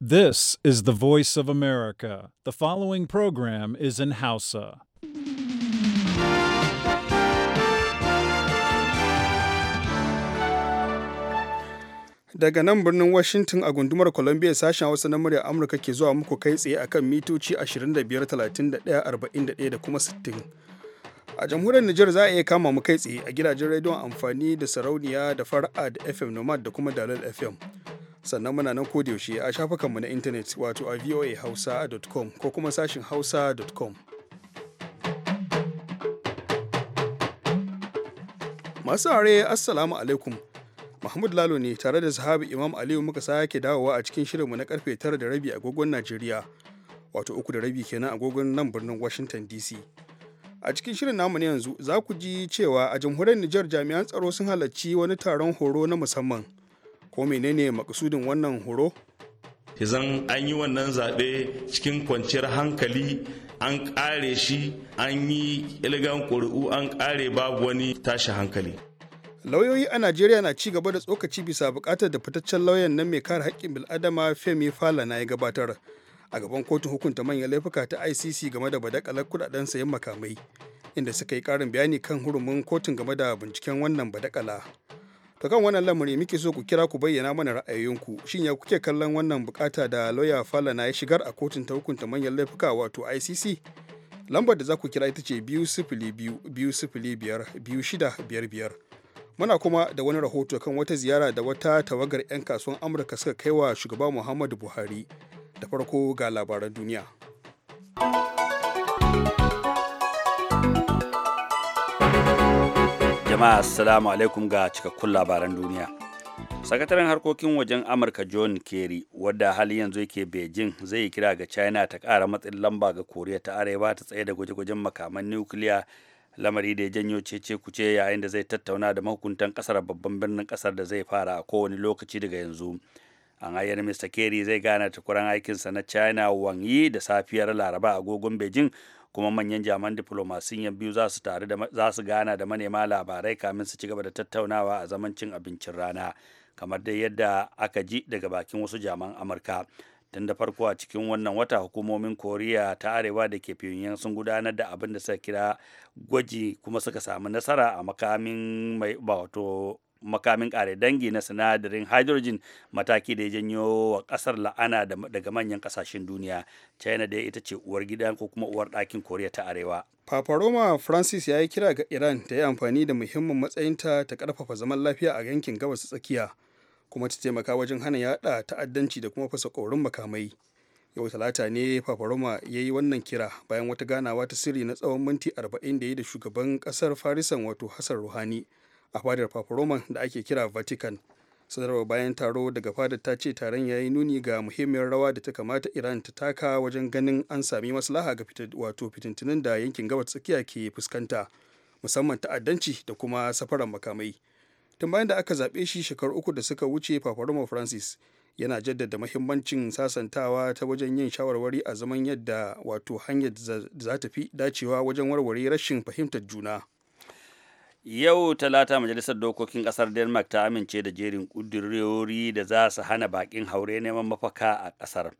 This is the voice of America. The following program is in Hausa. Daga nan birnin Washington a gundumar Columbia sashen Hausa na murya Amurka ke zuwa muku kai tsaye akan mitoci 25, 31, 41 da kuma 60. a jamhuriyar Nijar za a iya kama mu kai tsaye a gidajen rediyon amfani da sarauniya da fara'a da FM Nomad da kuma Dalal FM. sannan muna nan yaushe a shafukanmu na intanet wato a voahausa.com ko kuma sashin hausa.com masu are assalamu alaikum mahmud lalo ne tare da sahabi imam aliyu muka sake dawowa a cikin shirinmu na karfe tara da rabi agogon najeriya wato uku da rabi kenan agogon nan birnin washington dc a cikin shirin namu na yanzu za ku ji cewa a jamhuriyar nijar jami'an tsaro sun halarci wani taron horo na musamman ko menene makasudin wannan horo izan an yi wannan zaɓe cikin kwanciyar hankali an ƙare shi an yi ilgan ƙuri'u an ƙare babu wani tashi hankali lauyoyi a najeriya na ci gaba da tsokaci bisa buƙatar da fitaccen lauyan nan mai kare haƙƙin bil'adama femi na ya gabatar a gaban kotun hukunta manyan laifuka ta icc game da badakalar kuɗaɗen sayan makamai inda suka yi ƙarin bayani kan hurumin kotun game da binciken wannan badakala to kan wannan lamari muke so ku kira ku bayyana mana ra'ayoyinku shin ya kuke kallon wannan bukata da lauya na ya shigar a kotun ta hukunta manyan laifuka wato icc lambar da za ku kira ita ce biyu sifili biyu biyu sifili biyar biyu shida biyar biyar muna kuma da wani rahoto kan wata ziyara da wata tawagar 'yan kasuwan amurka suka kai wa shugaba muhammadu buhari da farko ga labaran duniya. jama'a assalamu alaikum ga cikakkun labaran duniya sakataren harkokin wajen amurka john kerry wadda hali yanzu yake beijing zai yi kira ga china ta kara matsin lamba ga koriya ta arewa ta tsaye da gwaje-gwajen makaman nukiliya lamari da ya janyo cece kuce yayin da zai tattauna da mahukuntan kasar babban birnin kasar da zai fara a kowane lokaci daga yanzu an ayyana mr kerry zai gana takwaran aikinsa na china wang yi da safiyar laraba agogon beijing kuma manyan jaman diflomasiyan biyu za su gana da manema labarai kamin su ci gaba da tattaunawa a zaman cin abincin rana kamar dai yadda aka ji daga bakin wasu jaman amurka tun da farko a cikin wannan wata hukumomin koriya ta arewa da ke pyongyang sun gudanar da abin da suka kira gwaji kuma suka samu nasara a makamin mai wato makamin kare dangi na sinadarin hydrogen mataki da ya janyo wa kasar la'ana daga manyan kasashen duniya china da ita ce uwar gida ko kuma uwar ɗakin koriya ta arewa paparoma francis ya yi kira ga iran ta yi amfani da muhimmin matsayinta ta karfafa zaman lafiya a yankin gabas tsakiya kuma ta taimaka wajen hana yada ta'addanci da kuma fasa korin makamai yau talata ne paparoma ya yi wannan kira bayan wata ganawa ta sirri na tsawon minti 40 da yi da shugaban kasar farisan wato hassan ruhani a fadar Roman da ake kira vatican sanarwar bayan taro daga fadar ta ce taron ya yi nuni ga muhimmiyar rawa da ta kamata iran ta taka wajen ganin an sami maslaha ga wato fitintunin da yankin gabas tsakiya ke fuskanta musamman ta'addanci da kuma safaran makamai tun bayan da aka zaɓe shi shekaru uku da suka wuce Roman francis yana jaddada mahimmancin sasantawa ta wajen yin shawarwari a zaman yadda wato hanyar za ta fi dacewa wajen warware rashin fahimtar juna yau talata majalisar dokokin kasar denmark ta amince da jerin ƙudurori da za su hana bakin haure neman mafaka a kasar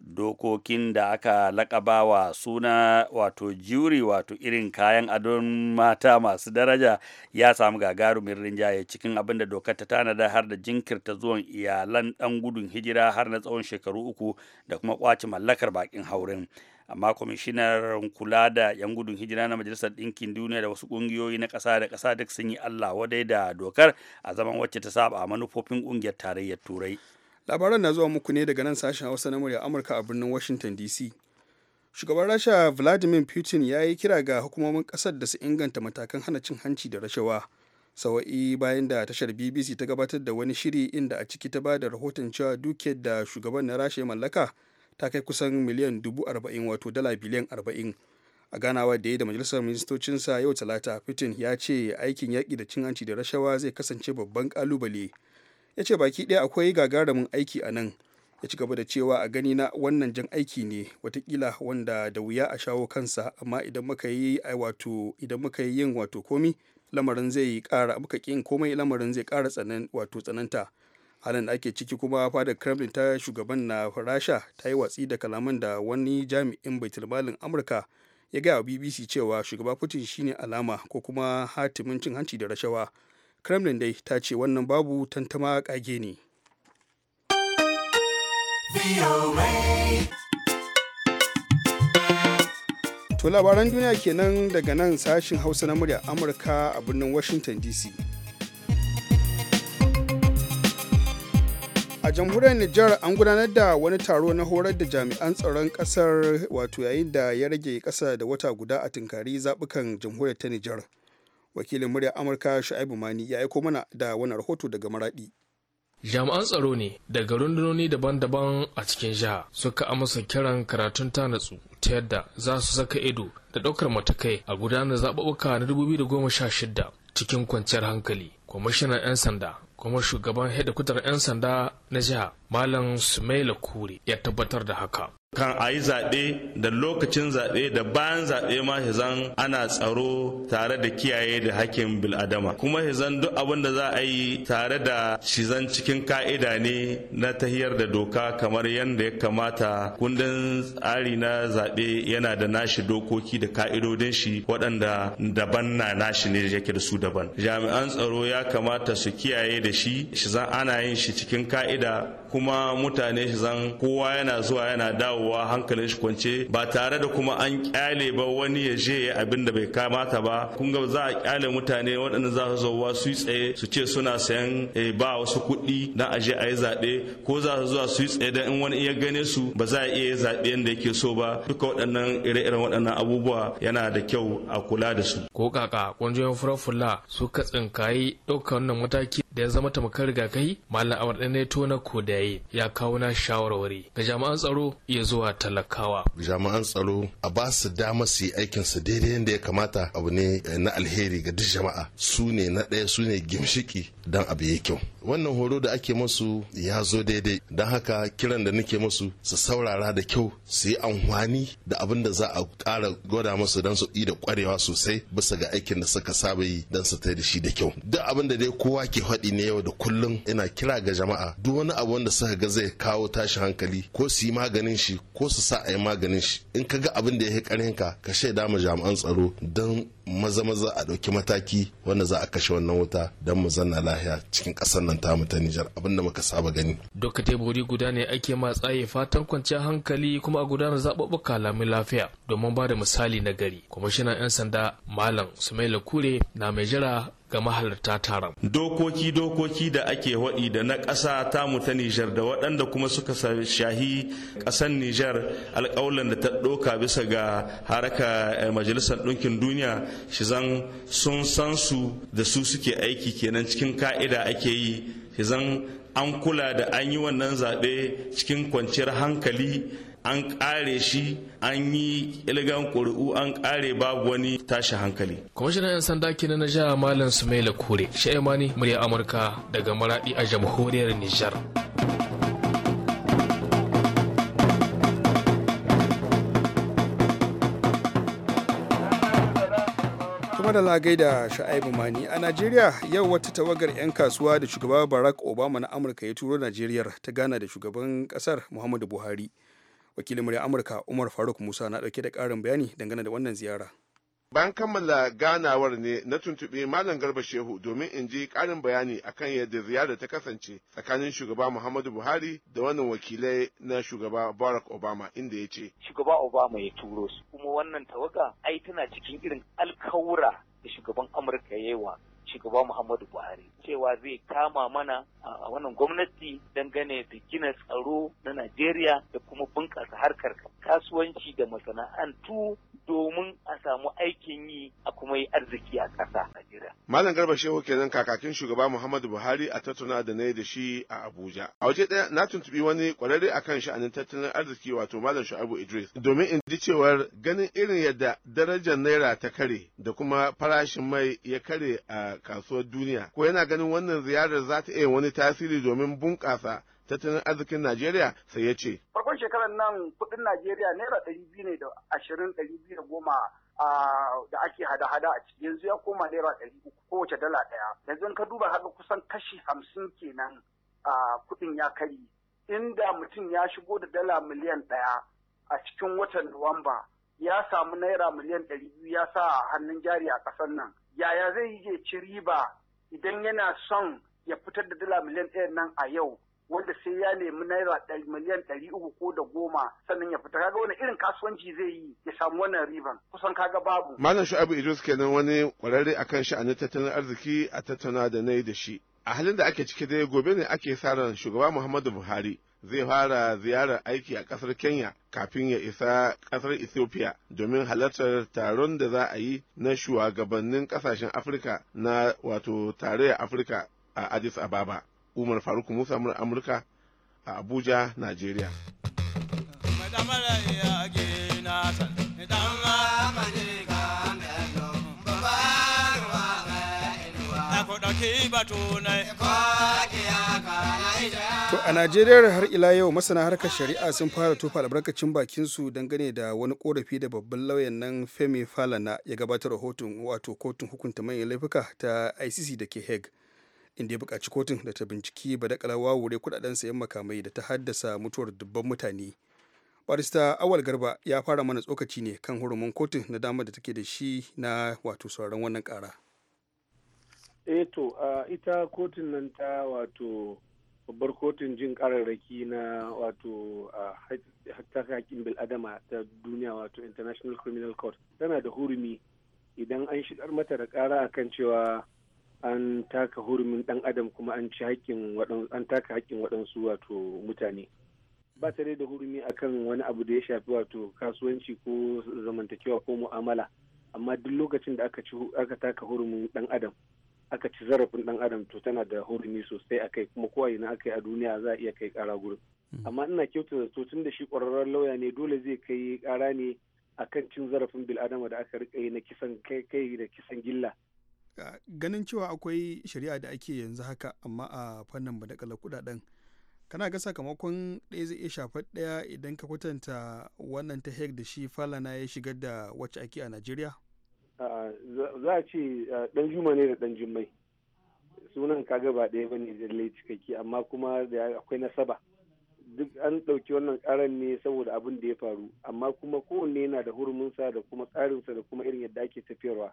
dokokin da aka lakaba wa suna wato juri wato irin kayan adon mata masu daraja ya samu gagarumin rinjaye cikin abin da dokar ta tanada har da jinkirta zuwan iyalan dan gudun hijira har na tsawon shekaru uku da kuma kwace mallakar bakin hauren. amma kwamishinar kula da 'yan gudun hijira na majalisar ɗinkin duniya da wasu ƙungiyoyi na ƙasa da ƙasa duk sun yi allah wadai da dokar a zaman wacce ta saba a manufofin ƙungiyar tarayyar turai labaran na zuwa muku ne daga nan sashen hausa na murya amurka a birnin washington dc shugaban rasha vladimir putin ya yi kira ga hukumomin ƙasar da su inganta matakan hana cin hanci da rashawa sawa'i bayan da tashar bbc ta gabatar da wani shiri inda a ciki ta ba da rahoton cewa dukiyar da shugaban na rasha ya mallaka ta kai kusan miliyan dubu arba'in wato dala biliyan arba'in a ganawa da ya da majalisar ministocinsa yau talata fitin ya ce aikin yaƙi da cin hanci da rashawa zai kasance babban ƙalubale ya ce baki ɗaya akwai gagarumin aiki a nan ya ci gaba da cewa a gani na wannan jan aiki ne watakila wanda da wuya a shawo kansa amma idan muka yi wato idan muka yi yin wato komi lamarin zai ƙara muka ƙin komai lamarin zai ƙara tsanan wato tsananta halin da ake ciki kuma fada kremlin ta shugaban na rasha ta yi watsi da kalaman da wani jami'in baitulmalin amurka ya gaya wa bbc cewa shugaba putin shine alama ko kuma hatimin cin hanci da rashawa kremlin dai ta ce wannan babu tantama kage ne to labaran duniya kenan daga nan sashin hausa na murya amurka a birnin washington dc a jamhuriyar Nijar an gudanar da wani taro na horar da jami'an tsaron kasar wato yayin da ya rage kasa da wata guda a tunkari zaɓukan jamhuriyar ta Nijar. Wakilin murya Amurka Shu'aibu Mani ya aiko mana da wani rahoto daga Maraɗi. jami'an tsaro ne daga rundunoni daban-daban a cikin jiha suka amsa kiran karatun tanatsu ta yadda za su saka ido da ɗaukar matakai a gudanar zaɓuɓɓuka na 2016 cikin kwanciyar hankali kwamishinan 'yan sanda kuma shugaban hedikwatar 'yan sanda na jiha malam sumaila kure ya tabbatar da haka kan a yi zaɓe da lokacin zaɓe da bayan zaɓe ma hizan ana tsaro tare da kiyaye da hakkin bil'adama kuma hizan duk abin da za a yi tare da shizan cikin ka'ida ne na tahiyar da doka kamar yadda ya kamata kundin tsari na zaɓe yana da nashi dokoki da ka'idodin shi waɗanda daban na nashi ne yake da su daban jami'an tsaro ya kamata su kiyaye da shi shizan ana yin shi cikin ka'ida kuma mutane shi zan kowa yana zuwa yana dawowa hankalin shi kwance ba tare da kuma an kyale ba wani ya je abin da bai kamata ba kun ga za a kyale mutane waɗanda za su zo su tsaye su ce suna sayan eh, ba wasu kuɗi na aje a yi zaɓe ko za su zuwa su tsaye dan in wani ya gane su ba za a iya zaɓe yadda yake so ba duka waɗannan ire-iren waɗannan abubuwa yana da kyau a kula da su. ko kaka ƙungiyoyin furafula su ka ɗaukar wannan mataki da ya zama tamakar rigakafi malam awar ɗan tona kodaye ya kawo na shawarwari ga jami'an tsaro ya zuwa talakawa jami'an tsaro a ba su dama su yi aikin su daidai yadda ya kamata abu ne eh, na alheri ga duk jama'a su ne na ɗaya su ne gimshiki don abu ya kyau wannan horo da ake masu ya zo daidai don haka kiran da nake masu su saurara da kyau su yi amfani da abin da za a ƙara gwada masu don su da kwarewa sosai bisa ga aikin da suka saba yi don su tai da shi da kyau duk abin da dai kowa ke faɗi faɗi ne yau da kullum ina kira ga jama'a duk wani abu wanda suka ga zai kawo tashi hankali ko su yi maganin shi ko su sa a yi maganin shi in ka ga abin da ya yi ka ka shaida ma jami'an tsaro don maza maza a ɗauki mataki wanda za a kashe wannan wuta don mu zanna lahiya cikin ƙasar nan ta tamu ta Nijar abin da muka saba gani. Doka tebori guda ne ake matsaye fatan kwanciyar hankali kuma a gudanar zaɓuɓɓuka lamin lafiya domin ba da misali na gari. Kwamishinan 'yan sanda Malam Sumaila Kure na mai jira ga mahalarta taron. Dokoki dokoki da ake waɗi da na ƙasa tamu ta Nijar da waɗanda kuma suka shahi ƙasar Nijar alƙawlan da ta ɗoka bisa ga haraka eh, majalisar ɗinkin duniya shi zan sun san su da su suke aiki kenan cikin ka'ida ake yi shi zan an kula da an yi wannan zaɓe cikin kwanciyar hankali an kare shi an yi ilgan ƙuri'u an kare babu wani tashi hankali kwamishinan 'yan sanda kenan na jihar malam sumaila kore sha'imani murya amurka daga maradi a jamhuriyar nijar kuma da lagai da sha'aibu mani a najeriya yau wata tawagar 'yan kasuwa da shugaba barack obama na amurka ya turo najeriya ta gana da shugaban kasar muhammadu buhari wakilin murya amurka umar faruk musa na dauke da karin bayani dangane da wannan ziyara bayan kammala ganawar ne na tuntuɓi malam garba shehu domin in ji ƙarin bayani akan yadda ziyarar ta kasance tsakanin shugaba muhammadu buhari da wannan wakilai na shugaba barack obama inda ya ce shugaba obama ya turo su kuma wannan tawaga ai tana cikin irin alkawura da shugaban amurka ya yi wa shugaba Muhammadu Buhari cewa zai kama mana a wannan gwamnati dangane da gina tsaro na Najeriya da kuma bunƙasa harkar kasuwanci da masana'antu domin a samu aikin yi a kuma yi arziki a ƙasa. Malam Garba Shehu kenan kakakin shugaba Muhammadu Buhari a tattauna da na yi da shi a Abuja. A waje ɗaya na tuntuɓi wani ƙwararre akan sha'anin tattalin arziki wato Malam Shu'abu Idris domin in ji cewar ganin irin yadda darajar naira ta kare da kuma farashin mai ya kare a kasuwar duniya. Ko yana ganin wannan ziyarar za ta iya wani tasiri domin bunƙasa tattalin arzikin Najeriya sai ya ce. Farkon shekarar nan kuɗin Najeriya naira ɗari biyu ne da ashirin ɗari biyu da goma da ake hada-hada a ciki yanzu ya koma naira ɗari uku kowace dala ɗaya yanzu ka duba haka kusan kashi hamsin kenan kuɗin ya kari inda mutum ya shigo da dala miliyan ɗaya a cikin watan nuwamba ya samu naira miliyan ɗari biyu ya sa hannun jari a ƙasar nan yaya zai yi ci riba idan yana son ya fitar da dala miliyan ɗaya nan a yau wanda sai ya nemi naira miliyan ɗari uku ko da goma sannan ya fita kaga wani irin kasuwanci zai yi ya samu wannan riban kusan kaga babu. Malam Shu'abu Idris kenan wani ƙwararre akan sha'anin tattalin arziki a tattauna da na yi da shi. A halin da ake ciki dai gobe ne ake sa ran shugaba Muhammadu Buhari zai fara ziyarar aiki a ƙasar Kenya kafin ya isa ƙasar Ethiopia domin halartar taron da za a yi na shugabannin ƙasashen Afirka na wato tarayyar Afirka a Addis Ababa. umar faruk musa mura amurka a abuja nigeria To a Najeriya har ila yau masana harkar shari'a sun fara tofa albarkacin su dangane da wani korafi da babban lauyan nan Femi Falana ya gabatar rahoton wato kotun hukunta manyan laifuka ta ICC da ke Hague. inda ya buƙaci kotun da ta binciki badakalar wawure kudaden sayan makamai da ta haddasa mutuwar dubban mutane barista awal garba ya fara mana tsokaci ne kan hurumin kotun na dama da take da shi na wato sauran wannan ƙara. eh to ita kotun nan ta wato babbar kotun jin kararraki na wato hatta haƙƙin bil'adama ta duniya wato international criminal court tana da hurumi idan an shigar mata da ƙara akan cewa an taka hurumin dan adam kuma an ci haƙƙin an taka haƙƙin waɗansu wato mutane ba tare da hurumi akan wani abu da ya shafi wato kasuwanci ko zamantakewa ko mu'amala amma duk lokacin da aka ci aka taka hurumin dan adam aka ci zarafin dan adam to tana da hurumi sosai a kai kuma kowa yana aka yi a duniya za a iya kai kara gurin hmm. amma ina kyautu tun da shi ƙwararren lauya ne dole zai kai kara ne akan cin zarafin bil'adama da aka rika yi na kisan kai da kisan gilla ganin cewa akwai shari'a da ake yanzu haka amma a fannin badakalar kudaden kana ga sakamakon ɗaya zai iya shafar ɗaya idan ka kwatanta wannan ta hek da shi falana ya shigar da wacce ake a najeriya za a ce ɗan juma ne da ɗan jummai sunan ka gaba ɗaya ba ne da cikakke amma kuma da akwai nasaba duk an ɗauki wannan ƙaran ne saboda abin da ya faru amma kuma kowanne yana da huruminsa da kuma tsarinsa da kuma irin yadda ake tafiyarwa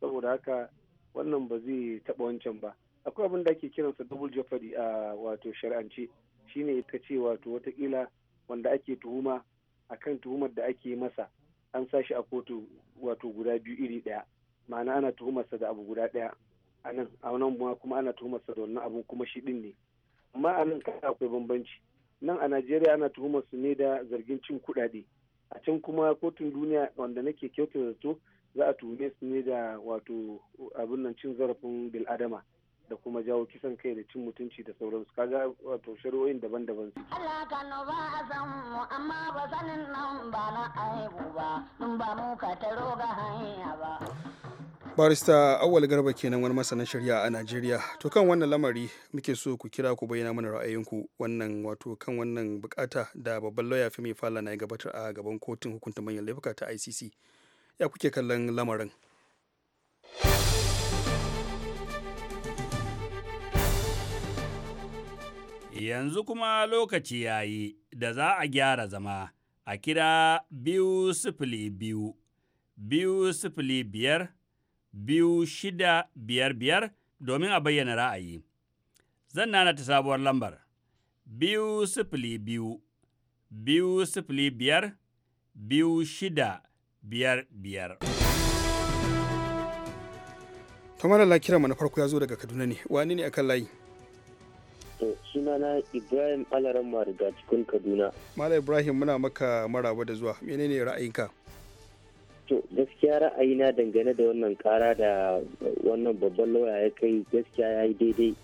saboda haka wannan ba zai taɓa wancan ba akwai abin da ake kiransa double jeopardy a wato shari'ance shine ita ce wato watakila wanda ake tuhuma akan tuhumar da ake masa an sa shi a kotu wato guda biyu iri ɗaya ma'ana ana tuhumarsa da abu guda ɗaya a nan a nan kuma ana tuhumarsa da wannan abun kuma shi ɗin ne amma a nan kada akwai bambanci nan a najeriya ana tuhumar su ne da zargin cin kuɗaɗe a can kuma kotun duniya wanda nake kyautata zato za a tuhume su ne da wato abin nan cin zarafin bil'adama da kuma jawo kisan kai da cin mutunci da sauransu kaga wato shari'o'in daban-daban su Allah ka no ba a san mu amma ba sanin nan ba na aibu ba ba mu ka taro hanya ba barista awal garba kenan wani masanin shari'a a najeriya to kan wannan lamari muke so ku kira ku bayyana mana ra'ayinku wannan wato kan wannan bukata da babban lauya fi mai fala na gabatar a gaban kotun hukunta manyan laifuka ta icc ya kuke kallon lamarin yanzu kuma lokaci ya yi da za a gyara zama a kira biyu sifili biyu biyu sifili biyar biyu shida biyar biyar domin a bayyana ra'ayi zan nana ta sabuwar lambar biyu sifili biyu biyu sifili biyar biyu shida biyar biyar. kamar da kira mana farko ya zo daga kaduna ne wani ne akan layi to sunana ibrahim alaran mariga cikin kaduna mala ibrahim muna maka maraba da zuwa menene ra'ayinka to gaskiya ra'ayina dangane da wannan kara da wannan babban lauya ya kai gaskiya ya yi daidai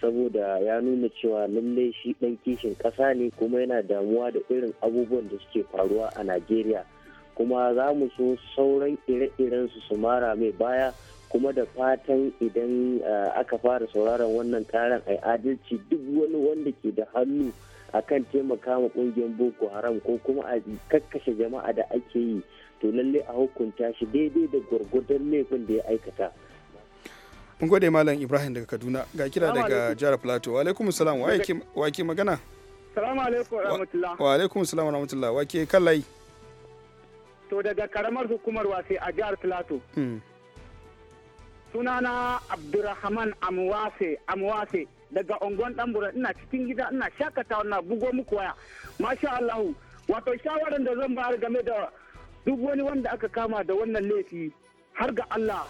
saboda ya nuna cewa lallai shi dan kishin kasa ne kuma yana damuwa da irin abubuwan da suke faruwa a najeriya kuma za mu so sauran ire-iren su su mara mai baya kuma da fatan idan eh, aka fara sauraron wannan taron a adalci duk wani wanda ke da hannu akan taimaka ma kungiyar boko haram ko kuma a kakkashe jama'a da ake yi to lalle a hukunta shi daidai da gwargwadon laifin da ya aikata mun gode malam ibrahim daga kaduna ga kira daga jihar plateau wa alaikum salam wa ke magana salamu alaikum wa rahmatullah wa alaikum salam wa rahmatullah wa ke kallai to daga karamar hukumar wase a jihar Plateau. Hmm. Sunana Abdurrahman Amwase Amwase daga unguwan Dambura ina cikin gida ina shakatawa na bugo muku waya. Masha Allahu wato shawaran da zan bayar game da duk wani wanda aka kama da wannan laifi har ga Allah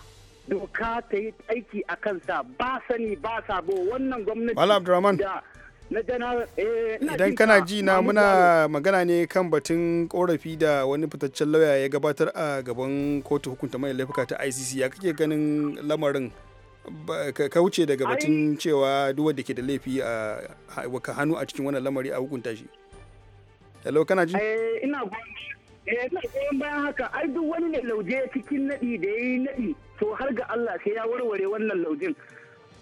doka ta yi aiki a kansa ba sani ba sabo wannan gwamnati da Eh, idan kana ji na muna magana ne kan batun korafi da wani fitaccen lauya ya gabatar a gaban kotu hukunta mai laifuka ta icc ya kake ganin lamarin ka wuce daga batun cewa duk wanda ke da laifi a hannu a cikin wannan lamari a hukunta shi hello kana ji eh, eh, ina goyon bayan haka ai duk wani ne lauje cikin nadi da ya yi nadi to har ga Allah sai ya warware wannan laujin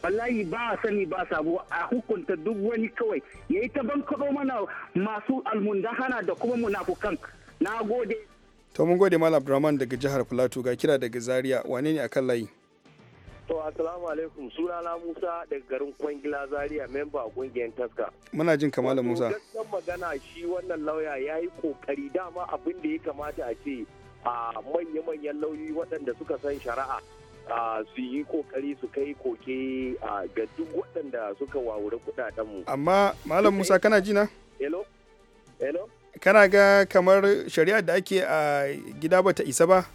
wallahi ba sani ba sabo a hukunta duk wani kawai ya yi ta bankaɗo mana masu almundahana da kuma munafukan na gode to mun gode malam abdurrahman daga jihar plateau ga kira daga zaria wane ne akan layi to assalamu alaikum sunana musa daga garin kwangila zaria memba a kungiyar taska muna jin kamala musa gaskiyar magana shi wannan lauya ya yi kokari dama abin da ya kamata a ce a manya-manyan lauyi waɗanda suka san shari'a su yi kokari su kai koke ga duk waɗanda suka wawure kuɗaɗenmu. Amma Malam Musa kana ji na? Hello? Hello? Kana ga kamar shari'ar da ake a gida ta isa ba?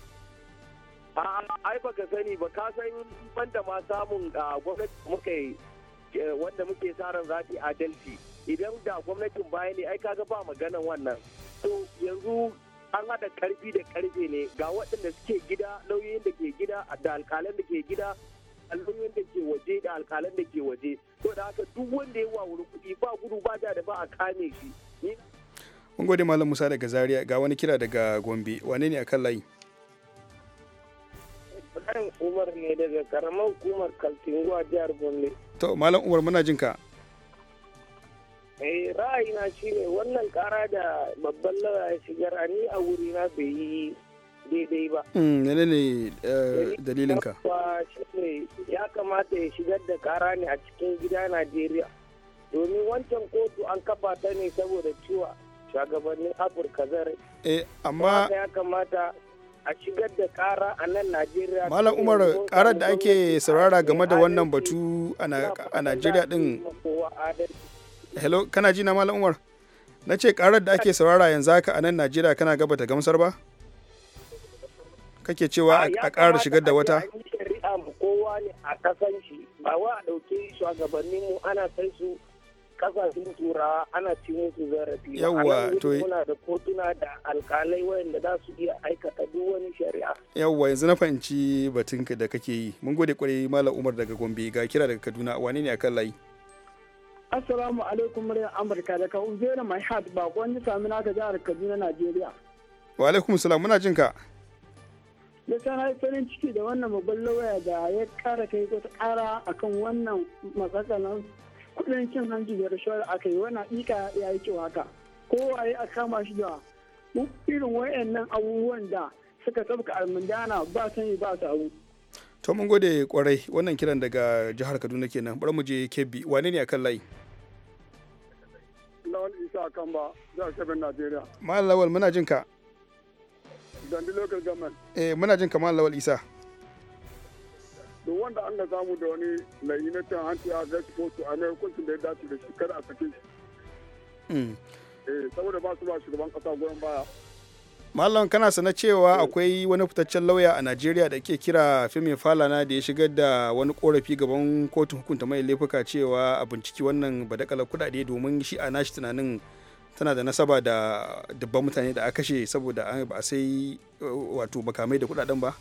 ai ba ka sani ba ka san banda ma samun gwamnati muka e, wanda muke sa ran a adalci idan da gwamnatin baya ne ai kaga ba maganan wannan to yanzu an haɗa karfi da karfe ne ga waɗanda suke gida lauyoyin da ke gida da alkalan da ke gida lauyoyin da ke waje da alkalan da ke waje to da haka duk wanda ya wawuri kuɗi ba gudu ba da ba a kame shi mun gode malam musa daga zaria ga wani kira daga gombe wane ne akan layi Umar ne daga karamar hukumar Kaltingo jihar Gombe. To, Malam Umar muna jinka. eh ra'ayina ne wannan kara da babban lawa ya shigar a ni a wuri na bai yi daidai ba. Mm, Mene ne eh, eh, dalilinka? Ya kamata ya shigar da kara ne a cikin gida Najeriya. Domin wancan kotu an kafa ta ne saboda ciwa shugabannin Afirka zare. Eh, amma... Ya kamata a shigar da kara a nan Najeriya. Malam Umar, karar da ake saurara game da wannan batu a Najeriya din. hello kana ji na malam umar na ce karar da ake saurara yanzu haka a nan najeriya kana gaba ta gamsar ba kake cewa a ƙara shigar da wata kowa ne a kasan shi ba wa a ɗauke shugabannin mu ana kai su kasashen turawa ana ci musu zarafi yawwa to muna da kotuna da alkalai wayanda za su iya aikata duk wani shari'a yawwa yanzu na fahimci batun da kake yi mun gode kwarai malam umar daga gombe ga kira daga kaduna wane ne akan layi Assalamu alaikum muryar Amurka daga Uzera Mai Hat bakon ji sami naka jihar Kaduna Najeriya. Wa alaikum salam muna jinka. Da sana farin ciki da wannan babban lauya da ya kara kai wata kara akan wannan matsatsalan kudin cin hanji da rashawar aka yi wannan ika ya yi kyau haka. Kowaye a kama shi da irin wayannan abubuwan da suka tabka almundana ba sani ba abu. To mun gode kwarai wannan kiran daga jihar Kaduna kenan. bar mu je Kebbi. Wane ne akan layi? Lawal Isa kan ba za a Kebbi, Najeriya. Ma'an Lawal muna jin ka. Dandi local government. Eh muna jin ka Malam Lawal Isa. To wanda an ga samu da wani mai yi na cin hanci a gashi kotu a mai hukuncin da ya dace da shi kada a sake shi. Mm. Eh saboda ba su ba shugaban kasa goyon baya. Mallam kana sana cewa akwai wani fitaccen lauya a Najeriya da ke kira Femi Falana da ya shigar da wani korafi gaban kotun hukunta mai laifuka cewa a binciki wannan badakala kudade domin shi a nashi tunanin tana da nasaba da dubban mutane da aka kashe saboda ba sai wato makamai da kudaden ba.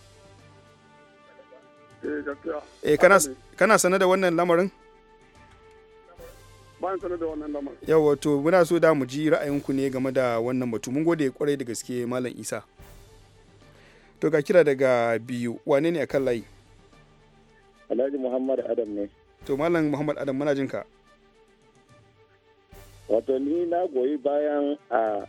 Eh, eh kana sana da wannan lamarin? bayan sanar da wannan lamar. to muna so da mu ji ra'ayinku ne game da wannan batu mun gode kwarai da gaske Malam Isa. To ga kira daga biyu wane ne akan layi? Alhaji Muhammad Adam ne. To Malam Muhammad Adam muna jinka. ka. Wato ni na goyi bayan a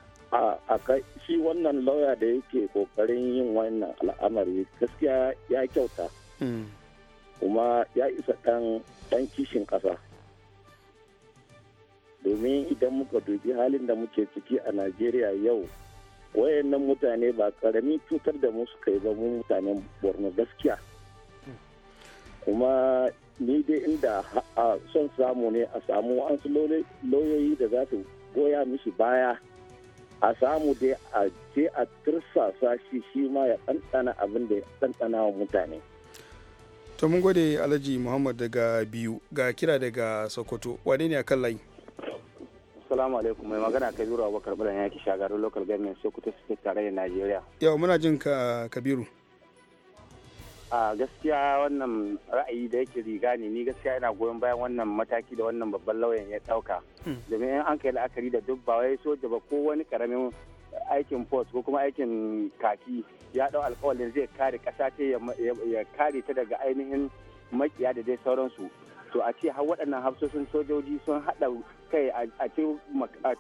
a shi wannan lauya da yake kokarin yin wannan al'amari gaskiya ya kyauta. Hmm. Kuma ya isa ɗan kishin ƙasa. domin idan muka dubi halin da muke ciki a najeriya yau wayannan mutane ba karami cutar da musu kai ba mu mutanen borno gaskiya kuma ni dai inda a son samu ne a samu wasu lauyoyi da za su goya mishi baya a samu dai a je a tursasa shi shi ma ya ɗanɗana abin da ya ɗanɗana wa mutane to mun gode alhaji muhammad daga biyu ga kira daga sokoto wane ne a kan layi Assalamu alaikum mai magana Kabiru Abubakar ya ki shagarin local government Sokoto State da Najeriya. Yau muna jin ka Kabiru. A gaskiya wannan ra'ayi da yake riga ne ni gaskiya yana goyon bayan wannan mataki da wannan babban lauyan ya dauka. Hmm. Domin in an kai la'akari da duk ba wai soja ba ko wani karamin aikin post ko kuma aikin kaki ya dau alkawalin zai kare kasa ta ya kare ta daga ainihin makiya da dai sauransu. To a ce har waɗannan hafsoshin sojoji sun haɗa kai a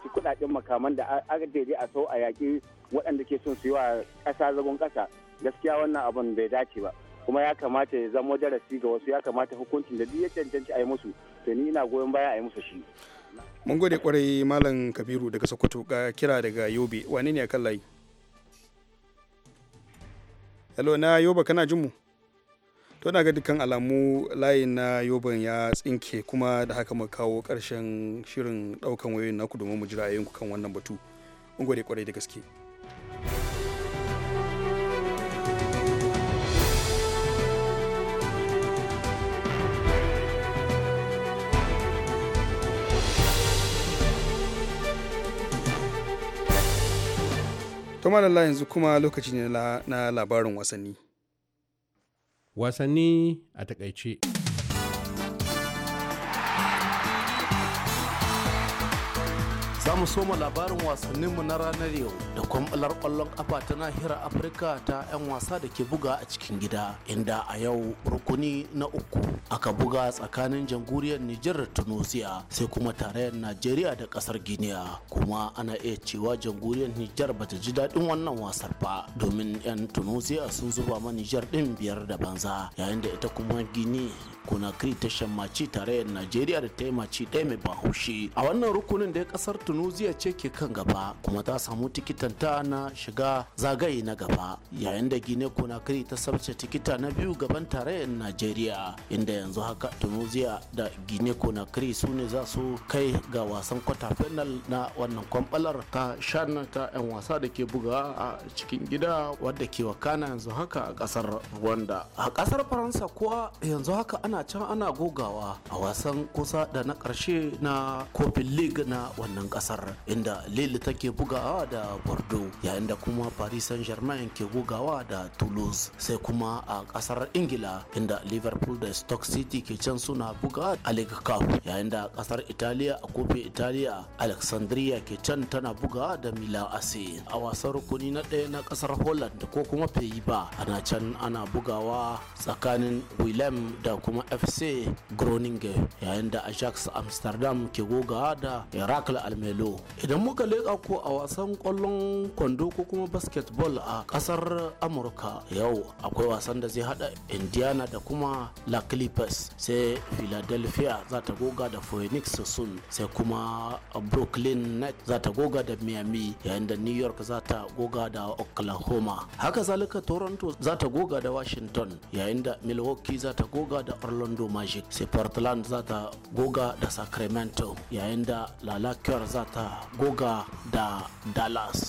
ci kudaden makaman da aka daidai a sau a yaƙi waɗanda ke son su yi wa ƙasa zagon ƙasa gaskiya wannan abun bai dace ba kuma ya kamata ya zama darasi ga wasu ya kamata hukuncin da duk ya cancanci a yi musu to ni ina goyon baya a yi musu shi. mun gode kwarai malam kabiru daga sokoto ga kira daga yobe wane ne a kan layi. hello na yobe kana jin mu. to na ga dukkan alamu layin na yoban ya tsinke kuma da haka mu kawo karshen shirin daukan wayoyin naku domin mu ji ku kan wannan batu mun gode kwarai da gaske kuma da yanzu kuma lokaci ne na labarin wasanni wasanni a takaice. mu soma labarin wasanninmu na ranar yau da kwamɓalar ƙwallon ƙafa ta nahiyar Afirka ta 'yan wasa da ke buga a cikin gida, inda a yau rukuni na uku aka buga tsakanin jamhuriyar Nijar da Tunisia sai kuma tarayyar Najeriya da ƙasar Guinea. Kuma ana iya cewa jamhuriyar Nijar ba ta ji daɗin wannan wasar ba, domin 'yan Tunisia sun zuba ma Nijar ɗin biyar da banza, yayin da ita kuma Guinea Conakry ta shammaci tarayyar Najeriya da ta yi maci ɗaya mai bahaushe. A wannan rukunin da ya kasar Tunisia ce ke kan gaba kuma ta samu tikitan ta na shiga zagaye na gaba yayin da gine Conakry ta sabce tikita na biyu gaban tarayyar Najeriya inda yanzu haka Tunisia da gine Conakry su ne za su kai ga wasan kwata final na wannan kwamfalar ta shanna ta 'yan wasa da ke buga a cikin gida wadda ke wakana yanzu haka a kasar Rwanda. A kasar Faransa kuwa yanzu haka ana ana can ana gogawa a wasan kusa da na karshe na kofin league na wannan ƙasar inda lille take bugawa da bordeaux yayin da kuma paris saint germain ke gogawa da toulouse sai kuma a ƙasar ingila inda liverpool da stock city ke can suna buga a league cup yayin da ƙasar italiya a kofin italiya alexandria ke can tana buga da mila ase a wasan rukuni na ɗaya na ƙasar holland ko kuma ba ana can ana bugawa tsakanin willem da kuma fc groningen yayin da ajax amsterdam ke goga da herakl almelo idan muka leƙa ko a wasan kwallon kwando ko kuma basketball a ƙasar amurka yau akwai wasan da zai hada indiana da kuma la clippers sai philadelphia za ta goga da phoenix sun sai kuma brooklyn net za ta goga da miami yayin da new york za ta goga da oklahoma haka zalika toronto za ta goga da washington yayin da milwaukee za ta goga da orlando londo magic sai portland zata goga da sacramento yayin da lalakiyar za ta goga da dallas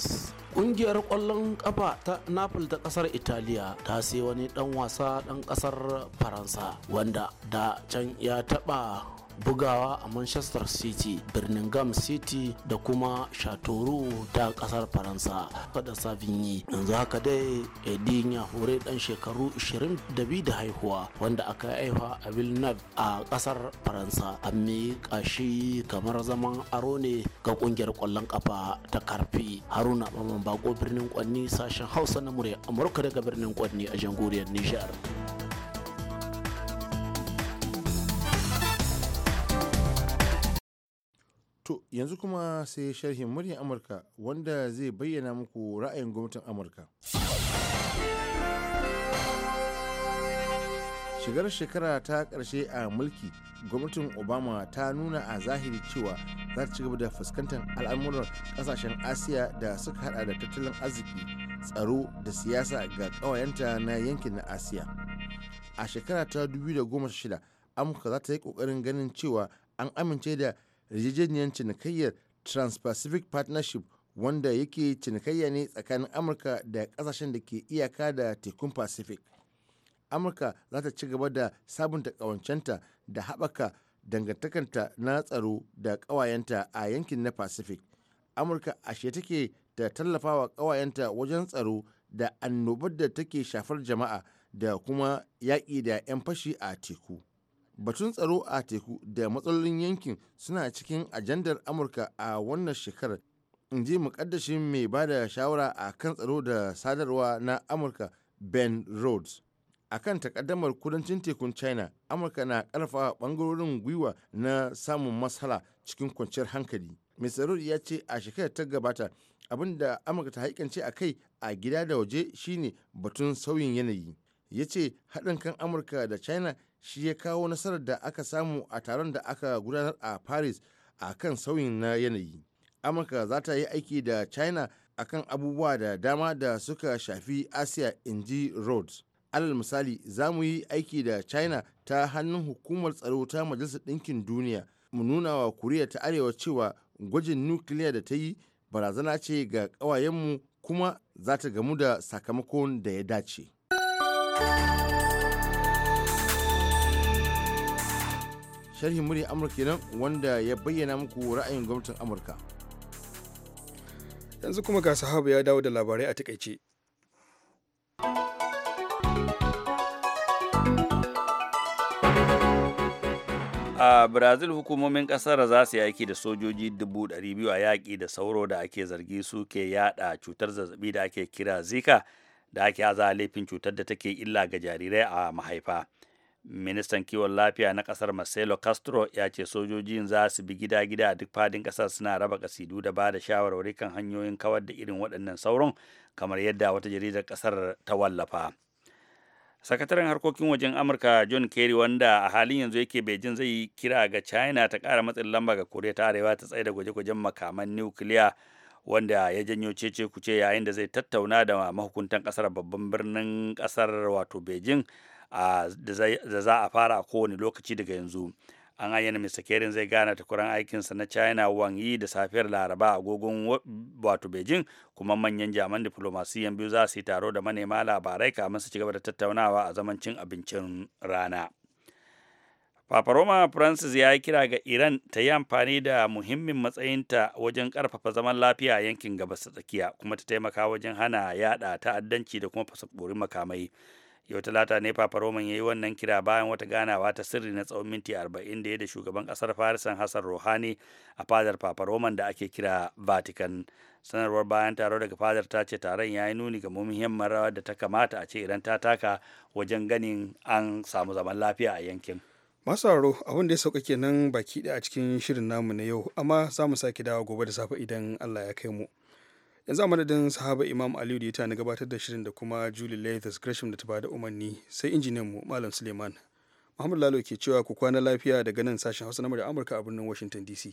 ƙungiyar ƙwallon ƙafa ta napoli ta ƙasar italiya ta sai wani ɗan wasa ɗan ƙasar faransa wanda da can ya taɓa bugawa a manchester city birmingham city da kuma shatoru ta kasar faransa da savinyi yanzu haka dai edin ya hore dan shekaru 22 da haihuwa wanda aka haifa a villeneuve a kasar faransa an miƙa shi kamar zaman aro ne ga kungiyar kwallon kafa ta karfi haruna mamman bako birnin kwanni sashen hausa na murya amurka daga birnin kwanni a jamhuriyar nijar To yanzu kuma sai sharhin muryar Amurka wanda zai bayyana muku ra'ayin gwamnatin Amurka. Shigar shekara ta ƙarshe a mulki, gwamnatin Obama ta nuna a zahiri cewa za ta ci gaba da fuskantar al'amuran ƙasashen Asiya da suka hada da tattalin arziki, tsaro da siyasa ga ƙawayenta na yankin na Asiya. A shekara ta 2016, Amurka za ta yi ƙoƙarin ganin cewa an amince da yarjejeniyar cinikayyar trans-pacific partnership wanda yake cinikayya ne tsakanin amurka da kasashen da ke iyaka da tekun pacific amurka za ta ci gaba da sabunta kawancenta da haɓaka dangantakanta na tsaro da ƙawayenta a yankin na pacific amurka ashe take da tallafawa ƙawayenta wajen tsaro da annobar da take shafar jama'a da kuma yaƙi da 'yan fashi a teku batun tsaro a teku da matsalolin yankin suna cikin ajandar amurka a wannan shekarar in ji mukaddashin mai ba da shawara a kan tsaro da sadarwa na amurka ben rhodes a kan takaddamar kudancin tekun china amurka na karfa bangarorin gwiwa na samun matsala cikin kwanciyar hankali mai tsaro ya ce a shekarar ta gabata abin da amurka ta haikance a kai a gida da waje shine batun sauyin yanayi ya ce haɗin kan amurka da china shi ya kawo nasarar da aka samu a taron da aka gudanar a paris a kan sauyin na yanayi amurka za ta yi aiki da china a kan abubuwa da dama da suka shafi asia in ji rhodes alal misali za mu yi aiki da china ta hannun hukumar tsaro ta majalisar ɗinkin duniya mu nuna wa koriya ta arewa cewa gwajin nukiliya da ta yi barazana ce ga ƙawayenmu kuma za ta gamu da sakamakon da ya dace. sharhin murya amurka kenan wanda ya bayyana muku ra'ayin gwamnatin amurka yanzu kuma ga sahaba ya dawo da labarai a takaice a brazil hukumomin kasar za su aiki da sojoji 200,000 a yaƙi da sauro da ake zargi suke ke yada cutar zazzabi da ake kira zika da ake haza laifin cutar da take illa ga jarirai a mahaifa ministan kiwon lafiya na kasar marcelo castro ya ce sojojin za su bi gida-gida a duk fadin kasar suna raba kasidu da ba da shawarwari kan hanyoyin kawar da irin waɗannan sauron kamar yadda wata jaridar kasar ta wallafa sakataren harkokin wajen amurka john kerry wanda a halin yanzu yake beijing zai kira ga china ta kara matsin lamba ga koriya ta arewa ta tsaye da gwaje-gwajen makaman nukiliya wanda ya janyo cece kuce yayin da zai tattauna da mahukuntan kasar babban birnin kasar wato beijing da za a fara a kowane lokaci daga yanzu an ayyana mr kerin zai gana takwaran aikinsa na china wang yi da safiyar laraba agogon wato beijing kuma manyan jaman diplomasiyan biyu za su yi taro da manema labarai kamar su cigaba da tattaunawa a zaman cin abincin rana Papa Roma Francis ya yi kira ga Iran ta yi amfani da muhimmin matsayinta wajen karfafa zaman lafiya a yankin gabas ta tsakiya kuma ta taimaka wajen hana yada ta'addanci da kuma fasakorin makamai. yau talata ne papa roman ya yi wannan kira bayan wata ganawa ta sirri na tsawon minti arba'in da ya da shugaban kasar farisan hassan rohani a fadar papa roman da ake kira vatican sanarwar bayan taro daga fadar ta ce taron ya yi nuni ga muhimmin rawar da ta kamata a ce idan ta taka wajen ganin an samu zaman lafiya a yankin masaro abun abin da ya sauka kenan baki da a cikin shirin namu na yau amma za mu sake dawo gobe da safe idan allah ya kai mu yanzu a madadin sahaba imam aliyu da ya tana gabatar da shirin da kuma julie lathis gresham da ta bada umarni sai injiniyan mu malam suleiman muhammadu lalo ke cewa ku kwana lafiya daga nan sashen hausa na amurka a birnin washington dc